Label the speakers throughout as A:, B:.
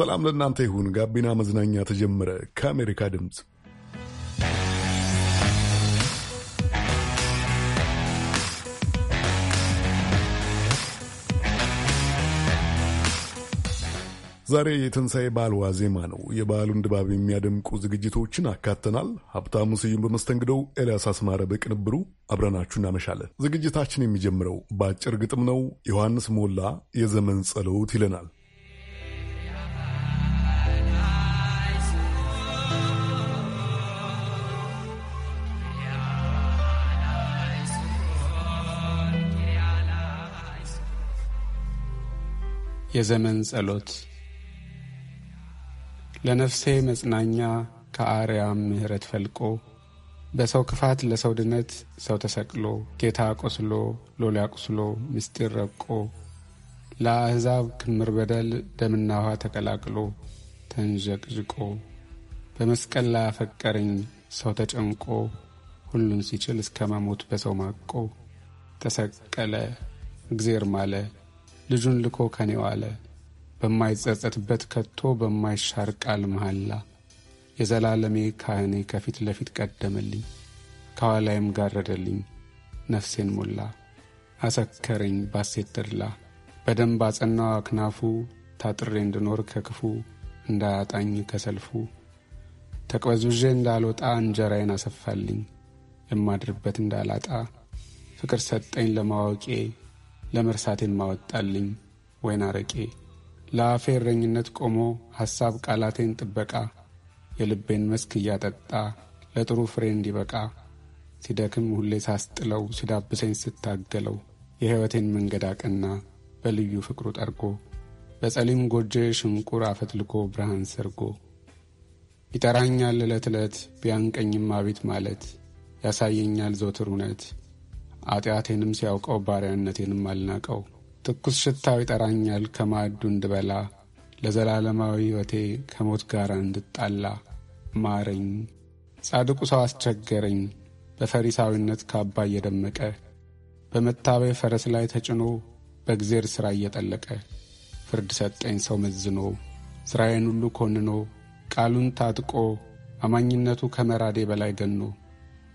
A: ሰላም ለእናንተ ይሁን። ጋቢና መዝናኛ ተጀመረ። ከአሜሪካ ድምፅ ዛሬ የትንሣኤ በዓል ዋዜማ ነው። የበዓሉን ድባብ የሚያደምቁ ዝግጅቶችን አካተናል። ሀብታሙ ስዩም በመስተንግደው ኤልያስ አስማረ በቅንብሩ አብረናችሁ እናመሻለን። ዝግጅታችን የሚጀምረው በአጭር ግጥም ነው። ዮሐንስ ሞላ የዘመን ጸሎት ይለናል።
B: የዘመን ጸሎት ለነፍሴ መጽናኛ ከአርያም ምሕረት ፈልቆ በሰው ክፋት ለሰውድነት ሰው ተሰቅሎ ጌታ ቆስሎ ሎሊያ ቁስሎ ምስጢር ረቆ ለአሕዛብ ክምር በደል ደምና ውሃ ተቀላቅሎ ተንዠቅዥቆ በመስቀል ላይ አፈቀረኝ ሰው ተጨንቆ ሁሉን ሲችል እስከ መሞት በሰው ማቆ ተሰቀለ እግዜር ማለ ልጁን ልኮ ከኔ ዋለ በማይጸጸትበት ከቶ በማይሻር ቃል መሐላ የዘላለሜ ካህኔ ከፊት ለፊት ቀደመልኝ፣ ከኋላይም ጋረደልኝ፣ ነፍሴን ሞላ፣ አሰከረኝ ባሴት ተድላ። በደንብ አጸናዋ አክናፉ፣ ታጥሬ እንድኖር ከክፉ እንዳያጣኝ ከሰልፉ። ተቅበዙዤ እንዳልወጣ እንጀራዬን አሰፋልኝ፣ የማድርበት እንዳላጣ ፍቅር ሰጠኝ ለማወቄ፣ ለመርሳቴን ማወጣልኝ ወይን አረቄ ለአፌ እረኝነት ቆሞ ሐሳብ ቃላቴን ጥበቃ የልቤን መስክ እያጠጣ ለጥሩ ፍሬ እንዲበቃ ሲደክም ሁሌ ሳስጥለው ሲዳብሰኝ ስታገለው የሕይወቴን መንገድ አቅና በልዩ ፍቅሩ ጠርጎ በጸሊም ጎጆ ሽንቁር አፈትልኮ ብርሃን ሰርጎ ይጠራኛል ዕለት ዕለት ቢያንቀኝም አቤት ማለት ያሳየኛል ዘወትር እውነት ኃጢአቴንም ሲያውቀው ባሪያነቴንም አልናቀው ትኩስ ሽታው ይጠራኛል ከማዕዱ እንድበላ ለዘላለማዊ ሕይወቴ ከሞት ጋር እንድጣላ ማረኝ። ጻድቁ ሰው አስቸገረኝ በፈሪሳዊነት ካባ እየደመቀ በመታበይ ፈረስ ላይ ተጭኖ በእግዜር ሥራ እየጠለቀ ፍርድ ሰጠኝ ሰው መዝኖ ሥራዬን ሁሉ ኮንኖ ቃሉን ታጥቆ አማኝነቱ ከመራዴ በላይ ገኖ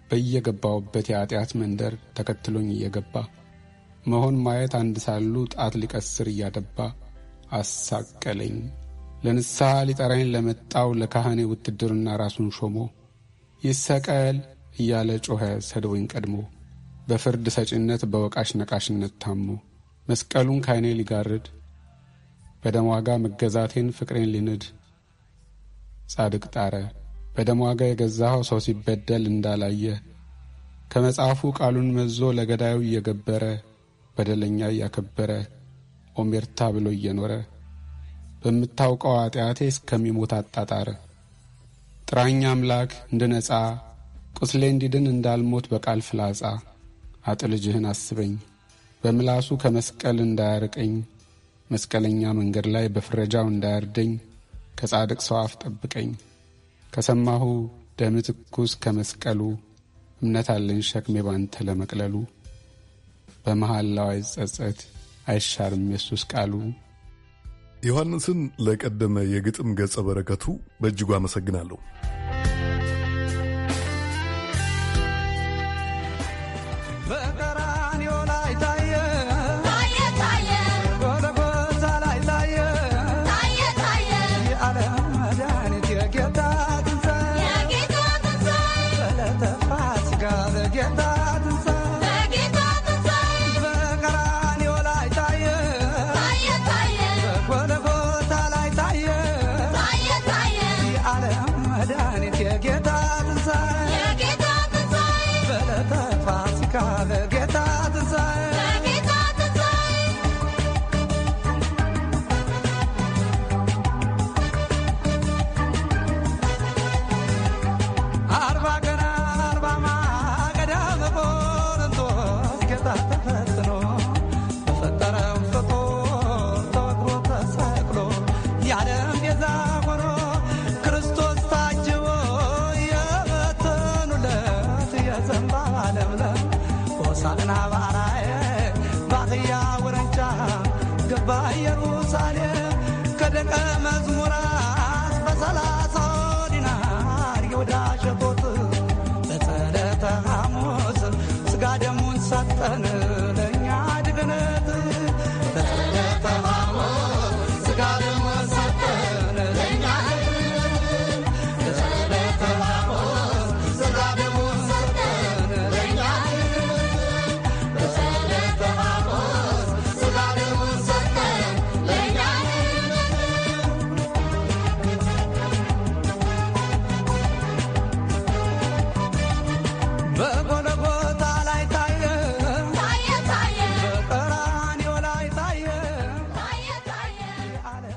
B: በየገባውበት የኀጢአት መንደር ተከትሎኝ እየገባ መሆን ማየት አንድ ሳሉ ጣት ሊቀስር እያደባ አሳቀለኝ። ለንስሐ ሊጠራኝ ለመጣው ለካህኔ ውትድርና ራሱን ሾሞ ይሰቀል እያለ ጮኸ ሰድቦኝ ቀድሞ በፍርድ ሰጪነት በወቃሽ ነቃሽነት ታሞ መስቀሉን ካይኔ ሊጋርድ በደም ዋጋ መገዛቴን ፍቅሬን ሊንድ ጻድቅ ጣረ በደም ዋጋ የገዛኸው ሰው ሲበደል እንዳላየ ከመጽሐፉ ቃሉን መዞ ለገዳዩ እየገበረ በደለኛ እያከበረ ኦሜርታ ብሎ እየኖረ በምታውቀው ኃጢአቴ እስከሚሞት አጣጣረ ጥራኛ አምላክ እንድነጻ ቁስሌ እንዲድን እንዳልሞት በቃል ፍላጻ አጥ ልጅህን አስበኝ በምላሱ ከመስቀል እንዳያርቀኝ መስቀለኛ መንገድ ላይ በፍረጃው እንዳያርደኝ ከጻድቅ ሰው አፍ ጠብቀኝ ከሰማሁ ደም ትኩስ ከመስቀሉ እምነት አለኝ ሸክሜ ባንተ ለመቅለሉ በመሐላው
A: አይጸጸት አይሻርም የሱስ ቃሉ። ዮሐንስን ለቀደመ የግጥም ገጸ በረከቱ በእጅጉ አመሰግናለሁ።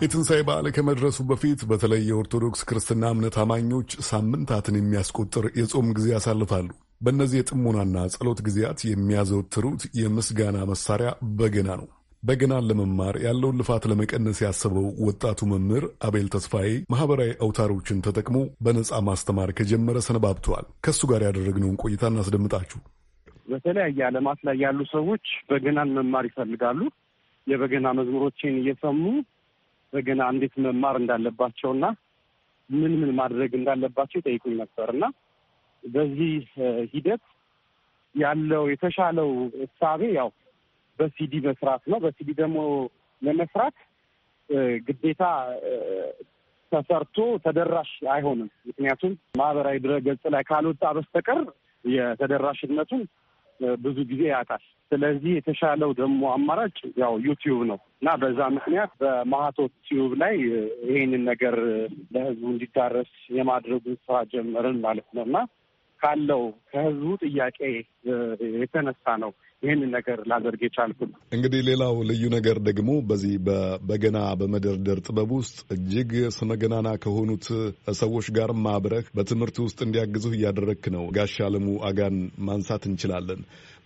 A: የትንሣኤ በዓል ከመድረሱ በፊት በተለይ የኦርቶዶክስ ክርስትና እምነት አማኞች ሳምንታትን የሚያስቆጥር የጾም ጊዜ ያሳልፋሉ። በእነዚህ የጥሞናና ጸሎት ጊዜያት የሚያዘወትሩት የምስጋና መሳሪያ በገና ነው። በገናን ለመማር ያለውን ልፋት ለመቀነስ ያሰበው ወጣቱ መምህር አቤል ተስፋዬ ማህበራዊ አውታሮችን ተጠቅሞ በነፃ ማስተማር ከጀመረ ሰነባብተዋል። ከእሱ ጋር ያደረግነውን ቆይታ እናስደምጣችሁ።
C: በተለያየ ዓለማት ላይ ያሉ ሰዎች በገናን መማር ይፈልጋሉ። የበገና መዝሙሮችን እየሰሙ በገና እንዴት መማር እንዳለባቸው እና ምን ምን ማድረግ እንዳለባቸው ይጠይቁኝ ነበር እና በዚህ ሂደት ያለው የተሻለው እሳቤ ያው በሲዲ መስራት ነው። በሲዲ ደግሞ ለመስራት ግዴታ ተሰርቶ ተደራሽ አይሆንም። ምክንያቱም ማህበራዊ ድረገጽ ላይ ካልወጣ በስተቀር የተደራሽነቱን ብዙ ጊዜ ያጣል። ስለዚህ የተሻለው ደግሞ አማራጭ ያው ዩቲዩብ ነው። እና በዛ ምክንያት በማህቶ ቲዩብ ላይ ይሄንን ነገር ለህዝቡ እንዲዳረስ የማድረጉ ስራ ጀመርን ማለት ነው እና ካለው ከህዝቡ ጥያቄ የተነሳ ነው ይህንን ነገር ላደርግ የቻልኩት።
A: እንግዲህ ሌላው ልዩ ነገር ደግሞ በዚህ በገና በመደርደር ጥበብ ውስጥ እጅግ ስመገናና ከሆኑት ሰዎች ጋር ማብረህ በትምህርት ውስጥ እንዲያግዙህ እያደረግክ ነው። ጋሻ አለሙ አጋን ማንሳት እንችላለን።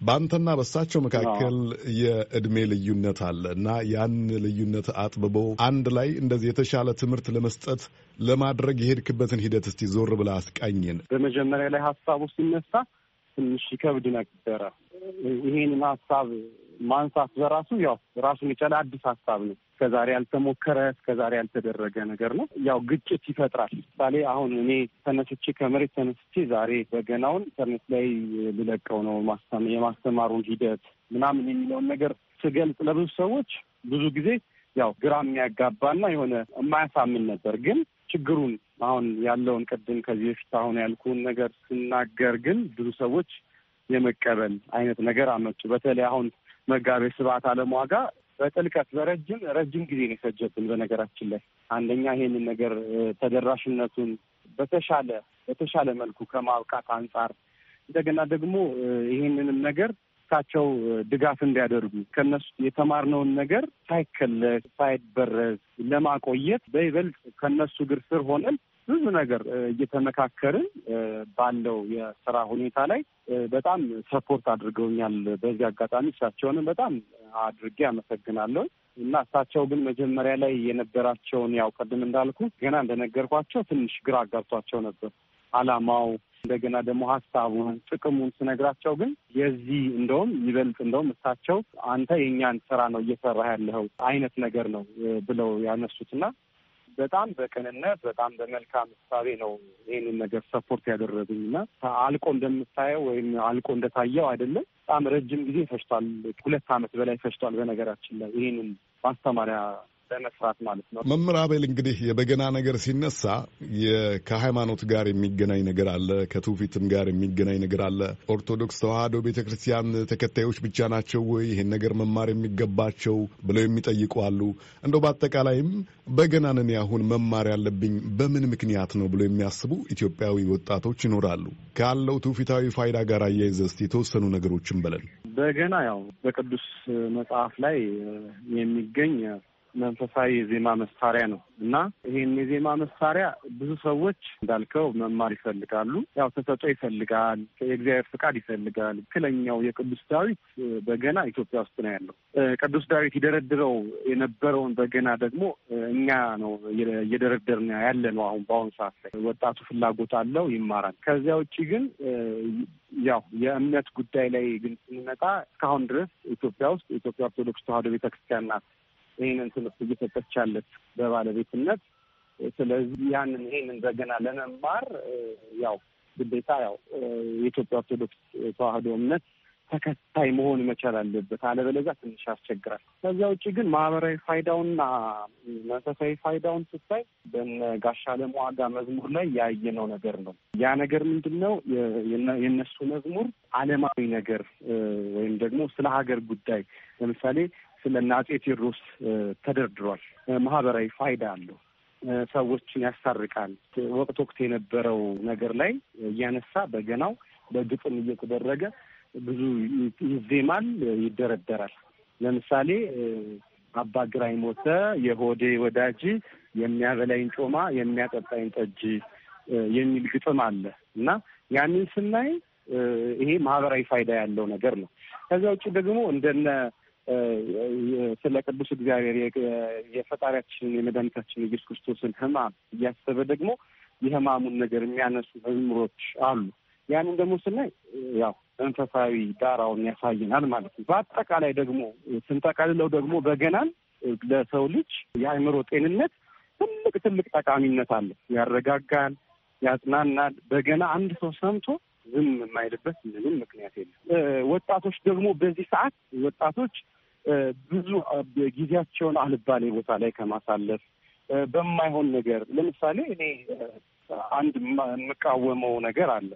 A: በአንተና በሳቸው መካከል የእድሜ ልዩነት አለ እና ያን ልዩነት አጥብቦ አንድ ላይ እንደዚህ የተሻለ ትምህርት ለመስጠት ለማድረግ የሄድክበትን ሂደት እስቲ ዞር ብላ አስቃኝን።
C: በመጀመሪያ ላይ ሀሳቡ ሲነሳ ትንሽ ይከብድ ነበረ። ይሄንን ሀሳብ ማንሳት በራሱ ያው ራሱን የቻለ አዲስ ሀሳብ ነው። እስከዛሬ ያልተሞከረ እስከዛሬ ያልተደረገ ነገር ነው። ያው ግጭት ይፈጥራል። ምሳሌ አሁን እኔ ተነስቼ ከመሬት ተነስቼ ዛሬ በገናውን ኢንተርኔት ላይ ልለቀው ነው የማስተማሩን ሂደት ምናምን የሚለውን ነገር ስገልጽ ለብዙ ሰዎች ብዙ ጊዜ ያው ግራ የሚያጋባና የሆነ የማያሳምን ነበር። ግን ችግሩን አሁን ያለውን ቅድም ከዚህ በፊት አሁን ያልኩን ነገር ስናገር ግን ብዙ ሰዎች የመቀበል አይነት ነገር አመጡ። በተለይ አሁን መጋቤ ስብዓት ዋጋ በጥልቀት በረጅም ረጅም ጊዜ ነው የፈጀብን። በነገራችን ላይ አንደኛ ይሄንን ነገር ተደራሽነቱን በተሻለ በተሻለ መልኩ ከማብቃት አንጻር እንደገና ደግሞ ይሄንንም ነገር ካቸው ድጋፍ እንዲያደርጉ ከነሱ የተማርነውን ነገር ሳይከለስ ሳይበረዝ ለማቆየት በይበልጥ ከነሱ እግር ስር ሆነን ብዙ ነገር እየተመካከርን ባለው የስራ ሁኔታ ላይ በጣም ሰፖርት አድርገውኛል። በዚህ አጋጣሚ እሳቸውንም በጣም አድርጌ አመሰግናለሁ። እና እሳቸው ግን መጀመሪያ ላይ የነበራቸውን ያው ቅድም እንዳልኩ ገና እንደነገርኳቸው ትንሽ ግራ አጋብቷቸው ነበር አላማው እንደገና ደግሞ ሀሳቡን ጥቅሙን ስነግራቸው ግን የዚህ እንደውም ይበልጥ እንደውም እሳቸው አንተ የእኛን ስራ ነው እየሰራ ያለኸው አይነት ነገር ነው ብለው ያነሱትና በጣም በቅንነት በጣም በመልካም እሳቤ ነው ይህንን ነገር ሰፖርት ያደረጉኝ እና አልቆ እንደምታየው ወይም አልቆ እንደታየው አይደለም። በጣም ረጅም ጊዜ ፈጅቷል። ሁለት ዓመት በላይ ፈጅቷል። በነገራችን ላይ ይህንን ማስተማሪያ በመስራት ማለት ነው።
A: መምህር አቤል እንግዲህ የበገና ነገር ሲነሳ ከሃይማኖት ጋር የሚገናኝ ነገር አለ፣ ከትውፊትም ጋር የሚገናኝ ነገር አለ። ኦርቶዶክስ ተዋህዶ ቤተ ክርስቲያን ተከታዮች ብቻ ናቸው ወይ ይህን ነገር መማር የሚገባቸው ብለው የሚጠይቁ አሉ። እንደው በአጠቃላይም በገናን እኔ አሁን መማር ያለብኝ በምን ምክንያት ነው ብለው የሚያስቡ ኢትዮጵያዊ ወጣቶች ይኖራሉ። ካለው ትውፊታዊ ፋይዳ ጋር አያይዘ እስቲ የተወሰኑ ነገሮችን በለን።
C: በገና ያው በቅዱስ መጽሐፍ ላይ የሚገኝ መንፈሳዊ የዜማ መሳሪያ ነው እና ይሄን የዜማ መሳሪያ ብዙ ሰዎች እንዳልከው መማር ይፈልጋሉ። ያው ተሰጦ ይፈልጋል፣ የእግዚአብሔር ፍቃድ ይፈልጋል። ትክክለኛው የቅዱስ ዳዊት በገና ኢትዮጵያ ውስጥ ነው ያለው። ቅዱስ ዳዊት ይደረድረው የነበረውን በገና ደግሞ እኛ ነው እየደረደርን ያለ ነው። አሁን በአሁኑ ሰዓት ላይ ወጣቱ ፍላጎት አለው፣ ይማራል። ከዚያ ውጭ ግን ያው የእምነት ጉዳይ ላይ ግን ስንመጣ እስካሁን ድረስ ኢትዮጵያ ውስጥ የኢትዮጵያ ኦርቶዶክስ ተዋሕዶ ቤተክርስቲያን ናት ይህንን ትምህርት እየሰጠች በባለቤትነት። ስለዚህ ያንን ይህንን በገና ለመማር ያው ግዴታ ያው የኢትዮጵያ ኦርቶዶክስ ተዋህዶ እምነት ተከታይ መሆን መቻል አለበት። አለበለዚያ ትንሽ ያስቸግራል። ከዚያ ውጭ ግን ማህበራዊ ፋይዳውንና መንፈሳዊ ፋይዳውን ስታይ በነ ጋሻ መዝሙር ላይ ያየነው ነገር ነው። ያ ነገር ምንድን ነው? የእነሱ መዝሙር አለማዊ ነገር ወይም ደግሞ ስለ ሀገር ጉዳይ ለምሳሌ ስለ እነ አጼ ቴዎድሮስ ተደርድሯል። ማህበራዊ ፋይዳ አለው። ሰዎችን ያስታርቃል። ወቅት ወቅት የነበረው ነገር ላይ እያነሳ በገናው በግጥም እየተደረገ ብዙ ይዜማል፣ ይደረደራል። ለምሳሌ አባ ግራኝ ሞተ የሆዴ ወዳጅ የሚያበላይን ጮማ የሚያጠጣይን ጠጅ የሚል ግጥም አለ እና ያንን ስናይ ይሄ ማህበራዊ ፋይዳ ያለው ነገር ነው። ከዚያ ውጭ ደግሞ እንደነ ስለ ቅዱስ እግዚአብሔር የፈጣሪያችንን የመድኃኒታችን ኢየሱስ ክርስቶስን ሕማም እያሰበ ደግሞ የሕማሙን ነገር የሚያነሱ መዝሙሮች አሉ። ያንን ደግሞ ስናይ ያው መንፈሳዊ ዳራውን ያሳየናል ማለት ነው። በአጠቃላይ ደግሞ ስንጠቃልለው ደግሞ በገናን ለሰው ልጅ የአእምሮ ጤንነት ትልቅ ትልቅ ጠቃሚነት አለ። ያረጋጋል፣ ያጽናናል። በገና አንድ ሰው ሰምቶ ዝም የማይልበት ምንም ምክንያት የለም። ወጣቶች ደግሞ በዚህ ሰዓት ወጣቶች ብዙ ጊዜያቸውን አልባሌ ቦታ ላይ ከማሳለፍ በማይሆን ነገር ለምሳሌ እኔ አንድ የምቃወመው ነገር አለ።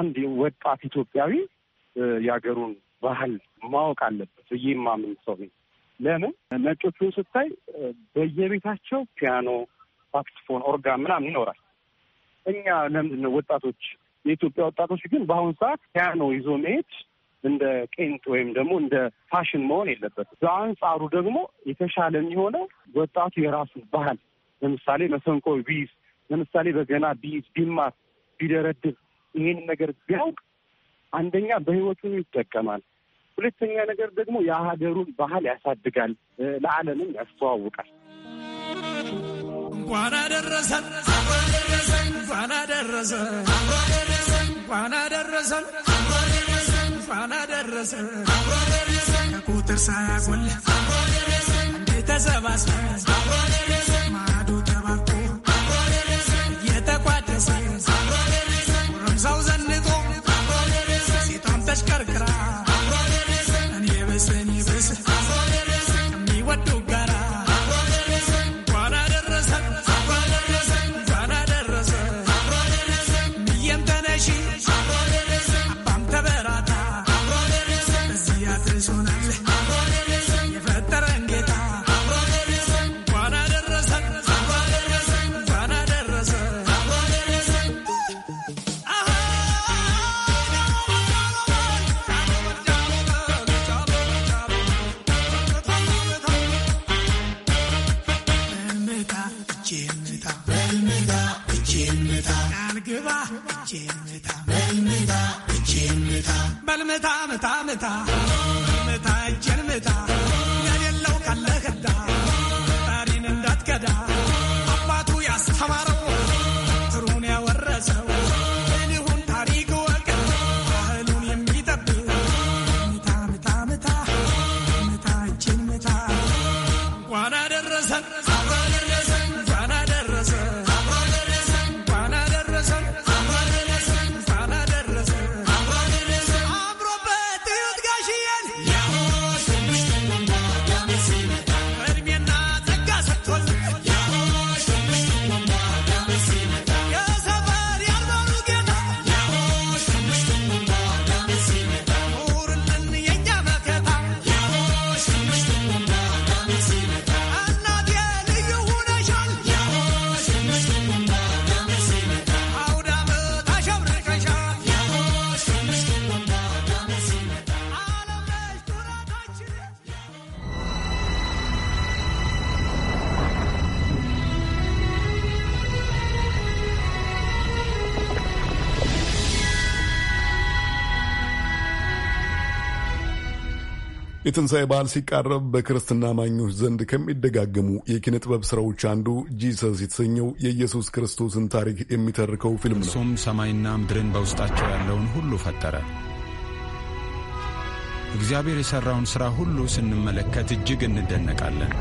C: አንድ ወጣት ኢትዮጵያዊ የሀገሩን ባህል ማወቅ አለበት ብዬ የማምን ሰው ነኝ። ለምን ነጮቹ ስታይ በየቤታቸው ፒያኖ፣ ሳክስፎን፣ ኦርጋን ምናምን ይኖራል። እኛ ለምንድን ነው ወጣቶች የኢትዮጵያ ወጣቶች ግን በአሁኑ ሰዓት ፒያኖ ይዞ መሄድ እንደ ቄንጥ ወይም ደግሞ እንደ ፋሽን መሆን የለበትም። በአንጻሩ ደግሞ የተሻለ የሚሆነው ወጣቱ የራሱ ባህል ለምሳሌ መሰንቆ ቢይዝ፣ ለምሳሌ በገና ቢይዝ፣ ቢማር፣ ቢደረድር ይህን ነገር ቢያውቅ አንደኛ በህይወቱን ይጠቀማል። ሁለተኛ ነገር ደግሞ የሀገሩን ባህል ያሳድጋል፣ ለዓለምም ያስተዋውቃል።
D: እንኳን አደረሰን እንኳን አደረሰን እንኳን አደረሰን ፋና ደረሰን ፋና ደረሰን ከቁጥር ሳያጎል እንዴ ተሰባስበን ማዶ ተባብቶ እየተቋደሰ ጎረምሳው ዘንጦ ሴቷም ተሽከርክራ እኔ በሰኒ
A: የትንሣኤ በዓል ሲቃረብ በክርስትና ማኞች ዘንድ ከሚደጋገሙ የኪነ ጥበብ ሥራዎች አንዱ ጂሰስ የተሰኘው የኢየሱስ ክርስቶስን ታሪክ የሚተርከው ፊልም ነው። እርሱም ሰማይና ምድርን በውስጣቸው ያለውን ሁሉ
B: ፈጠረ። እግዚአብሔር የሠራውን ሥራ ሁሉ ስንመለከት እጅግ እንደነቃለን።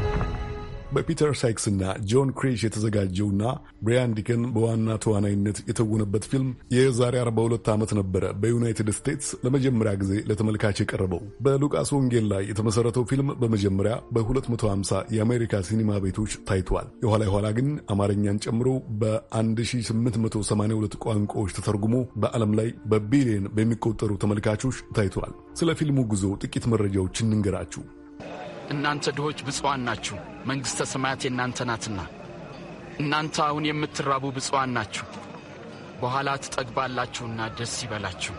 A: በፒተር ሳይክስ እና ጆን ክሬሽ የተዘጋጀውና ብሪያን ዲከን በዋና ተዋናይነት የተወነበት ፊልም የዛሬ 42 ዓመት ነበረ በዩናይትድ ስቴትስ ለመጀመሪያ ጊዜ ለተመልካች የቀረበው። በሉቃስ ወንጌል ላይ የተመሠረተው ፊልም በመጀመሪያ በ250 የአሜሪካ ሲኒማ ቤቶች ታይቷል። የኋላ የኋላ ግን አማርኛን ጨምሮ በ1882 ቋንቋዎች ተተርጉሞ በዓለም ላይ በቢሊየን በሚቆጠሩ ተመልካቾች ታይቷል። ስለ ፊልሙ ጉዞ ጥቂት መረጃዎች እንንገራችሁ።
B: እናንተ ድሆች ብፅዋን ናችሁ፣ መንግሥተ ሰማያት የእናንተ ናትና። እናንተ አሁን የምትራቡ ብፅዋን ናችሁ፣ በኋላ ትጠግባላችሁና ደስ ይበላችሁ።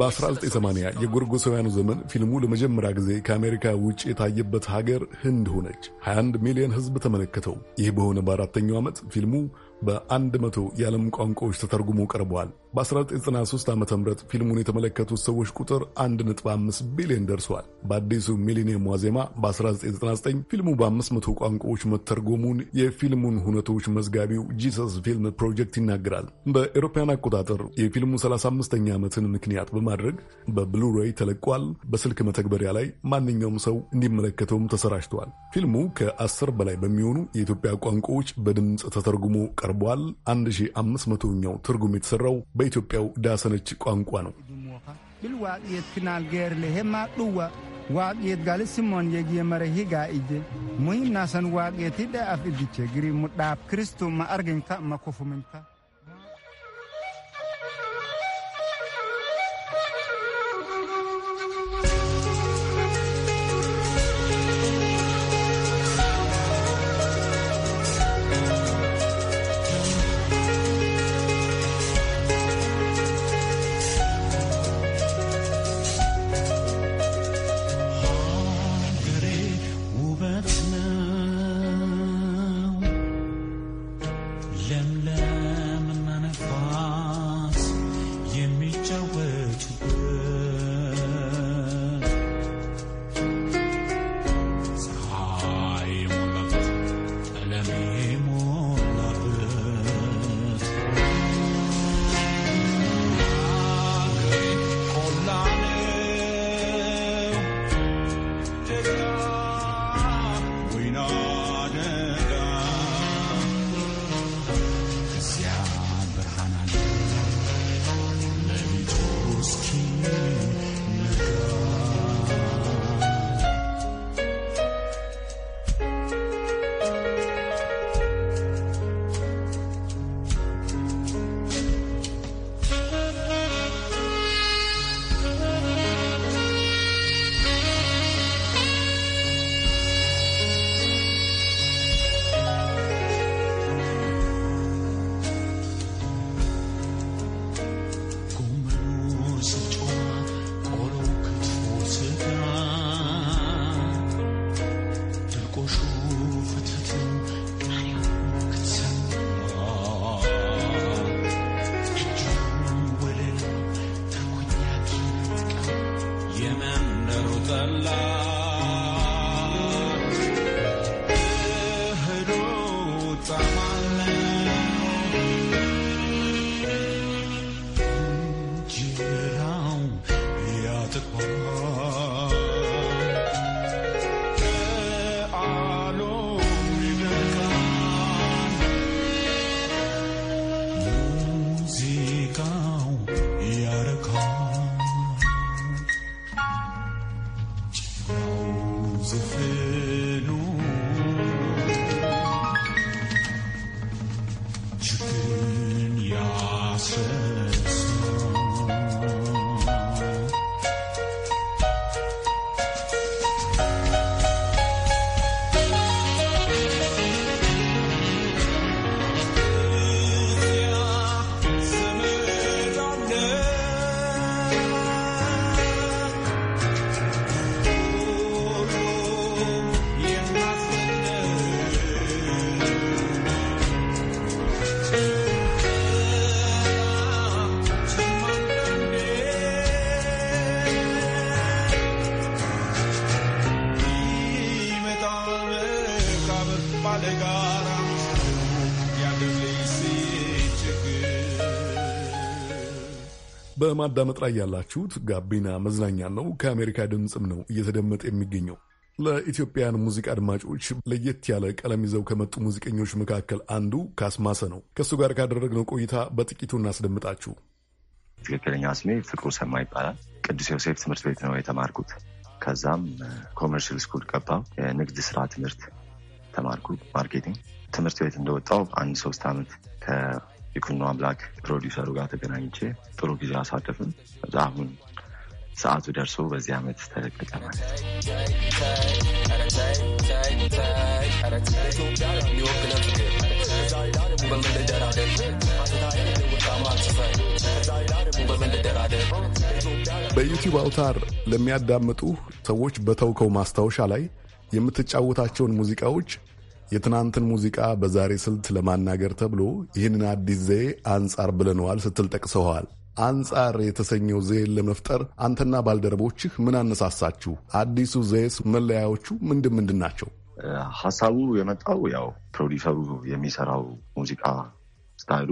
A: በ1980 የጎርጎሳውያኑ ዘመን ፊልሙ ለመጀመሪያ ጊዜ ከአሜሪካ ውጭ የታየበት ሀገር ህንድ ሆነች። 21 ሚሊዮን ህዝብ ተመለከተው። ይህ በሆነ በአራተኛው ዓመት ፊልሙ በአንድ መቶ የዓለም ቋንቋዎች ተተርጉሞ ቀርበዋል። በ1993 ዓ ም ፊልሙን የተመለከቱት ሰዎች ቁጥር 1.5 ቢሊዮን ደርሷል። በአዲሱ ሚሊኒየም ዋዜማ በ1999 ፊልሙ በ500 ቋንቋዎች መተርጎሙን የፊልሙን ሁነቶች መዝጋቢው ጂሰስ ፊልም ፕሮጀክት ይናገራል። በኤሮፓያን አቆጣጠር የፊልሙ 35ኛ ዓመትን ምክንያት በማድረግ በብሉሬይ ተለቋል። በስልክ መተግበሪያ ላይ ማንኛውም ሰው እንዲመለከተውም ተሰራጭተዋል። ፊልሙ ከ10 በላይ በሚሆኑ የኢትዮጵያ ቋንቋዎች በድምፅ ተተርጉሞ ቀርቧል። 1500ኛው ትርጉም የተሰራው ። በኢትዮጵያው ዳሰነች ቋንቋ ነው። ዋቅየት በማዳመጥ ላይ ያላችሁት ጋቢና መዝናኛ ነው። ከአሜሪካ ድምፅም ነው እየተደመጠ የሚገኘው። ለኢትዮጵያን ሙዚቃ አድማጮች ለየት ያለ ቀለም ይዘው ከመጡ ሙዚቀኞች መካከል አንዱ ካስማሰ ነው። ከእሱ ጋር ካደረግነው ቆይታ በጥቂቱ እናስደምጣችሁ።
E: ትክክለኛ ስሜ ፍቅሩ ሰማ ይባላል። ቅዱስ ዮሴፍ ትምህርት ቤት ነው የተማርኩት። ከዛም ኮመርሽል ስኩል ገባሁ። የንግድ ስራ ትምህርት ተማርኩ፣ ማርኬቲንግ። ትምህርት ቤት እንደወጣው አንድ ሶስት ዓመት የቁኖ አምላክ ፕሮዲሰሩ ጋር ተገናኝቼ ጥሩ ጊዜ አሳልፍን። እዛ አሁን ሰዓቱ ደርሶ በዚህ ዓመት
D: ተለቀቀ ማለት
A: በዩቲዩብ አውታር ለሚያዳምጡ ሰዎች በተውከው ማስታወሻ ላይ የምትጫወታቸውን ሙዚቃዎች የትናንትን ሙዚቃ በዛሬ ስልት ለማናገር ተብሎ ይህንን አዲስ ዘዬ አንጻር ብለነዋል ስትል ጠቅሰኸዋል። አንጻር የተሰኘው ዘዬን ለመፍጠር አንተና ባልደረቦችህ ምን አነሳሳችሁ? አዲሱ ዘዬስ መለያዎቹ ምንድን ምንድን ናቸው?
E: ሀሳቡ የመጣው ያው ፕሮዲሰሩ የሚሰራው ሙዚቃ ስታይሉ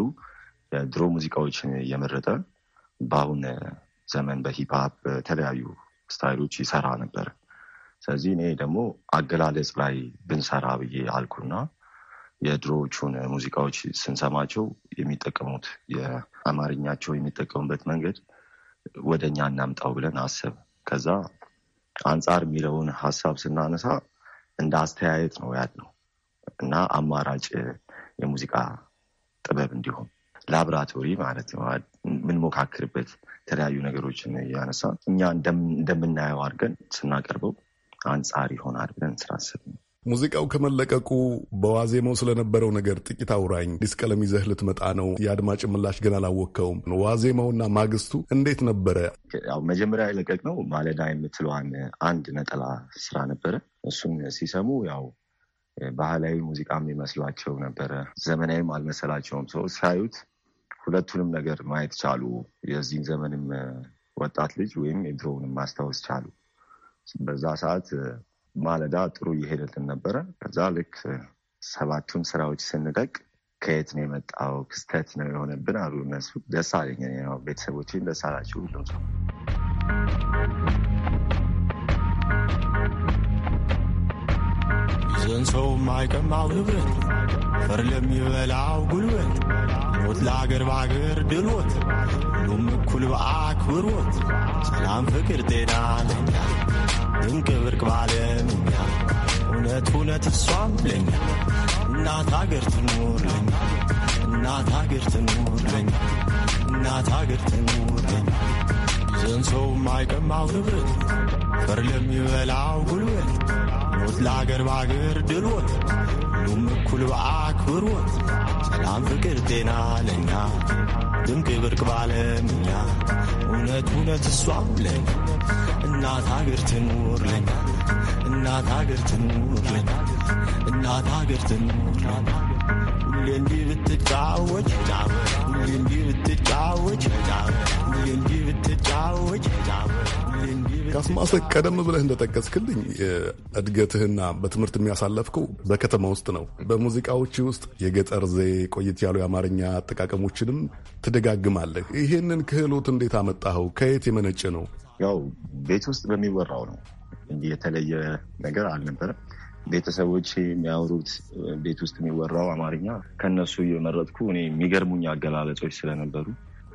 E: የድሮ ሙዚቃዎችን እየመረጠ በአሁን ዘመን በሂፕሀፕ በተለያዩ ስታይሎች ይሰራ ነበር ስለዚህ እኔ ደግሞ አገላለጽ ላይ ብንሰራ ብዬ አልኩና የድሮዎቹን ሙዚቃዎች ስንሰማቸው የሚጠቀሙት የአማርኛቸው የሚጠቀሙበት መንገድ ወደ እኛ እናምጣው ብለን አሰብ። ከዛ አንጻር የሚለውን ሀሳብ ስናነሳ እንደ አስተያየት ነው ነው እና አማራጭ የሙዚቃ ጥበብ እንዲሁም ላብራቶሪ ማለት ነው የምንሞካክርበት የተለያዩ ነገሮችን እያነሳ እኛ እንደምናየው አድርገን ስናቀርበው አንጻር ይሆናል ብለን ስላሰብን
A: ሙዚቃው ከመለቀቁ በዋዜማው ስለነበረው ነገር ጥቂት አውራኝ። ዲስ ቀለም ይዘህ ልትመጣ ነው፣ የአድማጭ ምላሽ ግን አላወቅከውም። ዋዜማውና ማግስቱ እንዴት ነበረ?
E: ያው መጀመሪያ ነው። ማለዳ የምትለዋን አንድ ነጠላ ስራ ነበረ። እሱን ሲሰሙ ያው ባህላዊ ሙዚቃም ይመስሏቸው ነበረ፣ ዘመናዊም አልመሰላቸውም። ሰው ሲያዩት ሁለቱንም ነገር ማየት ቻሉ። የዚህን ዘመንም ወጣት ልጅ ወይም የድሮውንም ማስታወስ ቻሉ። በዛ ሰዓት ማለዳ ጥሩ እየሄደልን ነበረ። ከዛ ልክ ሰባቱን ስራዎች ስንለቅ ከየት ነው የመጣው ክስተት ነው የሆነብን አሉ እነሱ። ደስ አለኝ ቤተሰቦችን ደስ አላቸው ሁሉም ሰው። ዘን ሰው ማይቀማው ንብረት ፍር ለሚበላው ጉልበት ሞት ለአገር በአገር ድሎት ሁሉም እኩል በአክብሮት ሰላም፣ ፍቅር፣ ጤና ለኛ ድንቅ ብርቅ ባለምኛ እውነት እውነት እሷም ለኛ እናት ሀገር ትኑር ለኛ እናት ሀገር ትኑር ለኛ እናት ሀገር ትኑር ለኛ ዘን ሰው ማይቀማው ንብረት ፈር ለሚበላው ጉልበት ሞት ለአገር በአገር ድልወት ሁሉም እኩል በአክብሮት ሰላም ፍቅር ጤና ለኛ ድንቅ ብርቅ ባለምኛ እውነት እውነት እሷም ለኛ እናት ሀገር ትኑር ለኛ፣ እናት ሀገር ትኑር ለኛ፣ እናት ሀገር ትኑር ለኛ። ሁሌ እንዲህ ብትጫወች ሁሌ እንዲህ ብትጫወች ሁሌ እንዲህ ብትጫወች ካስማሰቅ
A: ቀደም ብለህ እንደጠቀስክልኝ እድገትህና በትምህርት የሚያሳለፍከው በከተማ ውስጥ ነው። በሙዚቃዎች ውስጥ የገጠር ዜ ቆየት ያሉ የአማርኛ አጠቃቀሞችንም ትደጋግማለህ። ይህንን ክህሎት እንዴት አመጣኸው? ከየት የመነጨ ነው?
E: ያው ቤት ውስጥ በሚወራው ነው እንጂ የተለየ ነገር አልነበረም። ቤተሰቦች የሚያወሩት ቤት ውስጥ የሚወራው አማርኛ ከነሱ እየመረጥኩ እኔ የሚገርሙኝ አገላለጾች ስለነበሩ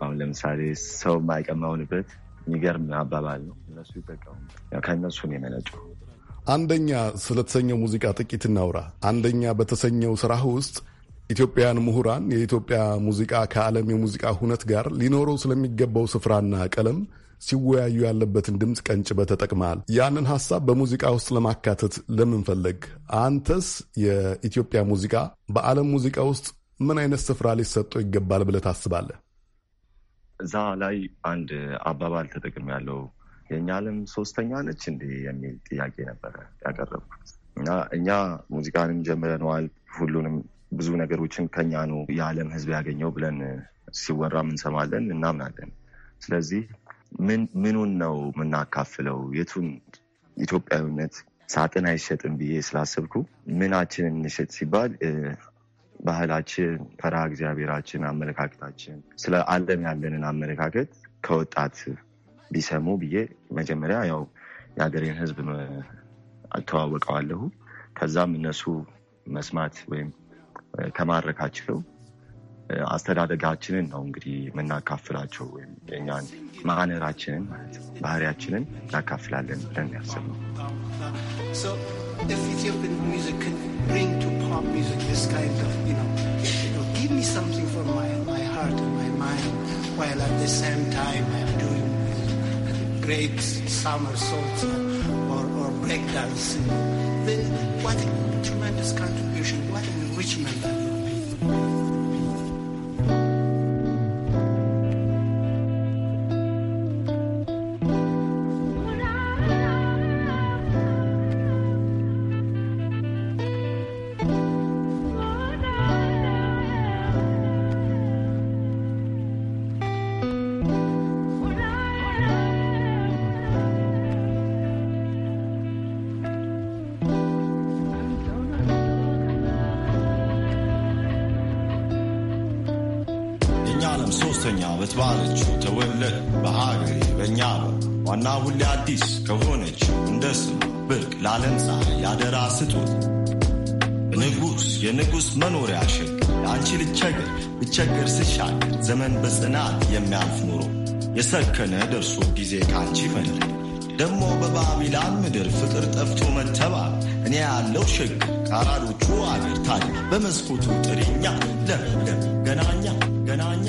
E: አሁን ለምሳሌ ሰው የማይቀማውንበት የሚገርም አባባል ነው እነሱ ይጠቀሙ ከእነሱ ነው የመነጩ።
A: አንደኛ ስለተሰኘው ሙዚቃ ጥቂት እናውራ። አንደኛ በተሰኘው ስራህ ውስጥ ኢትዮጵያውያን ምሁራን የኢትዮጵያ ሙዚቃ ከዓለም የሙዚቃ ሁነት ጋር ሊኖረው ስለሚገባው ስፍራና ቀለም ሲወያዩ ያለበትን ድምፅ ቀንጭበ ተጠቅመሃል። ያንን ሀሳብ በሙዚቃ ውስጥ ለማካተት ለምን ፈለግ? አንተስ የኢትዮጵያ ሙዚቃ በዓለም ሙዚቃ ውስጥ ምን አይነት ስፍራ ሊሰጠው ይገባል ብለህ ታስባለህ?
E: እዛ ላይ አንድ አባባል ተጠቅም ያለው የእኛ ዓለም ሶስተኛ ነች እንዴ የሚል ጥያቄ ነበረ ያቀረብኩት እና እኛ ሙዚቃንም ጀምረነዋል ሁሉንም ብዙ ነገሮችን ከኛ ነው የዓለም ህዝብ ያገኘው ብለን ሲወራም እንሰማለን፣ እናምናለን። ስለዚህ ምኑን ነው የምናካፍለው? የቱን ኢትዮጵያዊነት ሳጥን አይሸጥም ብዬ ስላሰብኩ ምናችን እንሸጥ ሲባል ባህላችን፣ ፈራ እግዚአብሔራችን፣ አመለካከታችን ስለ ዓለም ያለንን አመለካከት ከወጣት ቢሰሙ ብዬ መጀመሪያ ያው የሀገሬን ህዝብ አተዋወቀዋለሁ። ከዛም እነሱ መስማት ወይም ከማድረካቸው አስተዳደጋችንን ነው እንግዲህ የምናካፍላቸው ወይም የኛን ማዕነራችንን ማለት ነው ባህሪያችንን እናካፍላለን ብለን
C: ያስብ ነው። What a tremendous contribution. What a which member?
E: ሶስተኛ ዓመት ባለችው ተወለድ በሀገሬ በእኛ ዋና ቡሌ አዲስ ከሆነችው እንደ ስሙ ብቅ ለዓለም ፀሐይ ያደራ ስጡት ንጉሥ የንጉሥ መኖሪያ ሸገር አንቺ ልቸገር ልቸገር ስሻገር ዘመን በጽናት የሚያልፍ ኑሮ የሰከነ ደርሶ ጊዜ ከአንቺ ፈንድ ደግሞ በባቢላን ምድር ፍቅር ጠፍቶ መተባል እኔ ያለው ሽግ ከአራዶቹ አገር ታዲያ በመስኮቱ ጥሪኛ ለምለም ገናኛ ገናኛ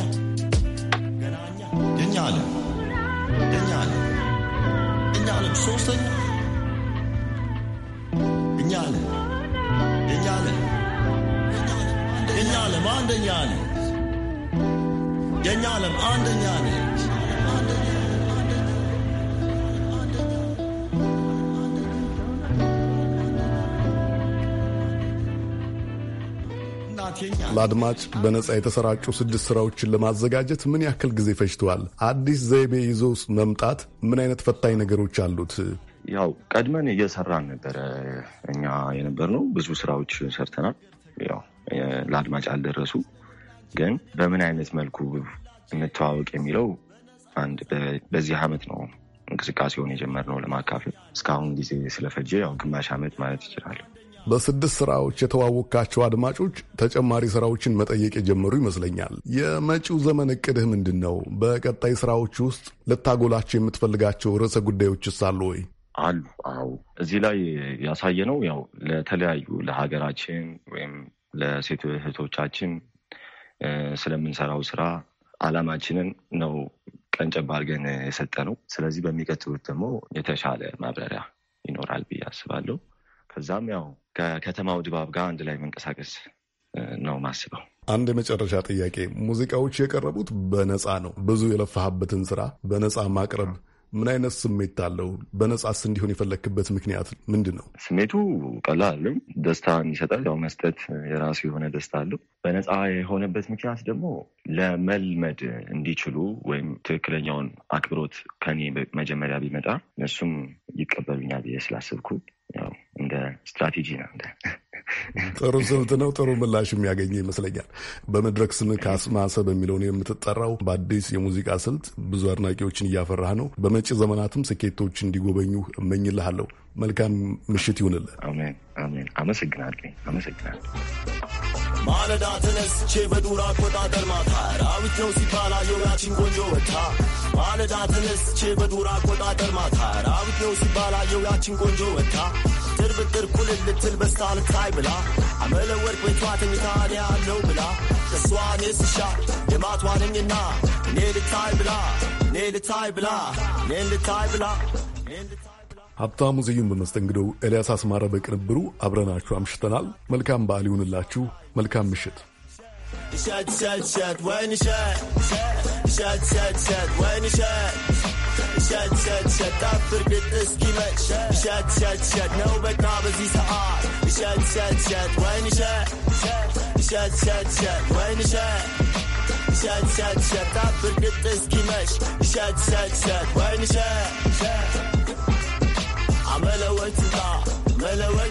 A: ለአድማጭ በነጻ የተሰራጩ ስድስት ስራዎችን ለማዘጋጀት ምን ያክል ጊዜ ፈጅተዋል? አዲስ ዘይቤ ይዞ መምጣት ምን አይነት ፈታኝ ነገሮች አሉት?
E: ያው ቀድመን እየሰራን ነበረ እኛ የነበርነው ብዙ ስራዎች ሰርተናል። ያው ለአድማጭ አልደረሱ፣ ግን በምን አይነት መልኩ እንተዋወቅ የሚለው አንድ በዚህ አመት ነው እንቅስቃሴውን የጀመርነው ለማካፈል እስካሁን ጊዜ ስለፈጀ ያው ግማሽ ዓመት ማለት
A: ይችላል። በስድስት ስራዎች የተዋወቅካቸው አድማጮች ተጨማሪ ስራዎችን መጠየቅ የጀመሩ ይመስለኛል። የመጪው ዘመን እቅድህ ምንድን ነው? በቀጣይ ስራዎች ውስጥ ልታጎላቸው የምትፈልጋቸው ርዕሰ ጉዳዮችስ አሉ ወይ?
E: አሉ። አዎ፣ እዚህ ላይ ያሳየነው ያው ለተለያዩ ለሀገራችን ወይም ለሴት እህቶቻችን ስለምንሰራው ስራ አላማችንን ነው ቀንጨብ አድርገን የሰጠ ነው። ስለዚህ በሚቀጥሉት ደግሞ የተሻለ ማብራሪያ ይኖራል ብዬ አስባለሁ። ከዛም ያው ከከተማው ድባብ ጋር አንድ ላይ መንቀሳቀስ ነው ማስበው።
A: አንድ የመጨረሻ ጥያቄ፣ ሙዚቃዎች የቀረቡት በነፃ ነው። ብዙ የለፋህበትን ስራ በነፃ ማቅረብ ምን አይነት ስሜት አለው? በነጻስ እንዲሆን የፈለክበት ምክንያት ምንድን ነው? ስሜቱ
E: ቀላልም ደስታን ይሰጣል። ያው መስጠት የራሱ የሆነ ደስታ አለው። በነፃ የሆነበት ምክንያት ደግሞ ለመልመድ እንዲችሉ ወይም ትክክለኛውን አክብሮት ከኔ መጀመሪያ ቢመጣ እነሱም ይቀበሉኛል ብዬ ስላስብኩ ያው እንደ ስትራቴጂ ነው።
A: ጥሩ ስልት ነው። ጥሩ ምላሽ የሚያገኘ ይመስለኛል። በመድረክ ስም ካስማሰ በሚለውን የምትጠራው በአዲስ የሙዚቃ ስልት ብዙ አድናቂዎችን እያፈራህ ነው። በመጪ ዘመናትም ስኬቶች እንዲጎበኙ እመኝልሃለሁ። መልካም ምሽት ይሁንልህ። አሜን አሜን። አመሰግናለሁ አመሰግናለሁ።
E: ማለዳ ተነስቼ በዱር አቆጣጠር ማታ ራዊት ነው ሲባል አየሁያችን ቆንጆ ወታ ማለዳ ተነስቼ በዱር አቆጣጠር ማታ ራዊት ነው ሲባል አየሁያችን ቆንጆ ወታ በፍቅር ኩል ልትል በስታል ካይ ብላ አመለ ወርቅ ቤቷ ተኝታን ያለው ብላ እሷ እኔ ስሻ የማትዋነኝና እኔ ልታይ ብላ እኔ ልታይ ብላ እኔ ልታይ ብላ
A: ሀብታሙ ስዩም በመስተንግዶው፣ ኤልያስ አስማረ በቅንብሩ አብረናችሁ አምሽተናል። መልካም በዓል ይሁንላችሁ። መልካም ምሽት።
E: shut, shut, shut. Affirmette eskime. Shut, shut, shut. Nöbet nabızıysa ağır. Shut, shut, shut. When shut, shut, shut, shut. When shut. I'm şat affırgıt eskimeş Şat şat şat وين شات عملوا اتباع ملوا